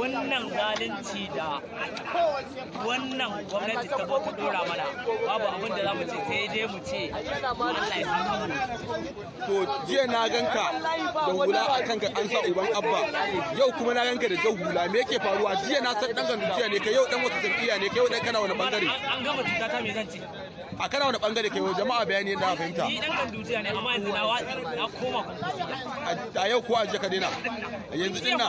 wannan zalunci da wannan gwamnati ta zo ta dora mana babu abin da za mu ce sai dai mu ce Allah ya saka mu to jiya na ganka da hula a kanka an sa uban abba yau kuma na ganka da jan hula me yake faruwa jiya na san dan gandu jiya ne ka yau dan wata jam'iyya ne ka yau dan kana wani bangare an gama cuta ta me zan ce a kana wani bangare ke yau jama'a bayani yadda aka fahimta a yau ko a je ka a yanzu din na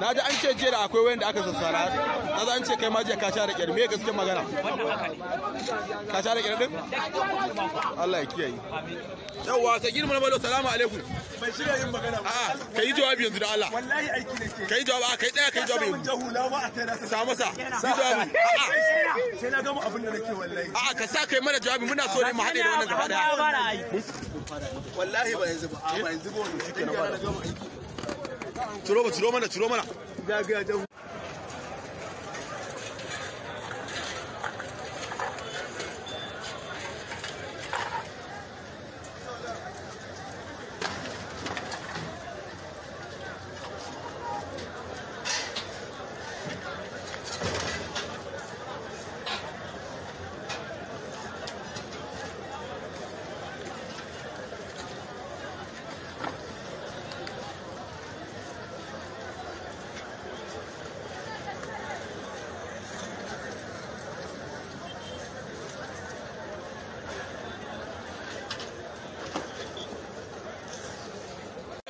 na ji an ce jiya da akwai wayan da aka sassara na ji an ce kai ma jiya ka sha da kyar me gaske magana wannan ka sha da kyar din Allah ya kiyaye yawwa sai girma na malo salamu alaikum ban shirya yin magana ba ah, ka yi jawabi yanzu da Allah wallahi aiki ne ke ka yi jawabi ah, kai tsaya ka yi jawabi jahu jahula ba a kai na sa masa yi jawabi a'a ah, sai na gama abin da nake wallahi a'a ka sa kai mana jawabi muna so ne mu haɗe da wannan gaba da wallahi ba yanzu ba ba yanzu ba wannan shi ke na ba Turo ba turo mana turo mana ga ga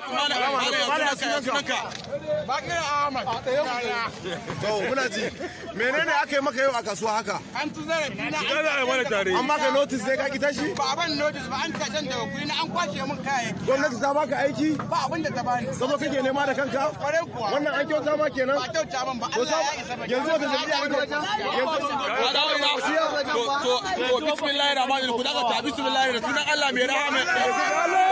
muna ji menene aka yi maka yau a kasuwa haka an tu zarafi na an mana tare amma ka notice sai ka kita shi ba ban notice ba an tashan daga guri na an kwace mun kayayyaki gwamnati ta baka aiki ba abin da ta bani sabo kake nema da kanka kware kuwa wannan an kyauta ma kenan ba kyauta ban ba Allah ya isa ba yanzu ka tafi a wajen yanzu to to bismillahir rahmanir rahim ku daga ta bismillahir sunan Allah mai rahama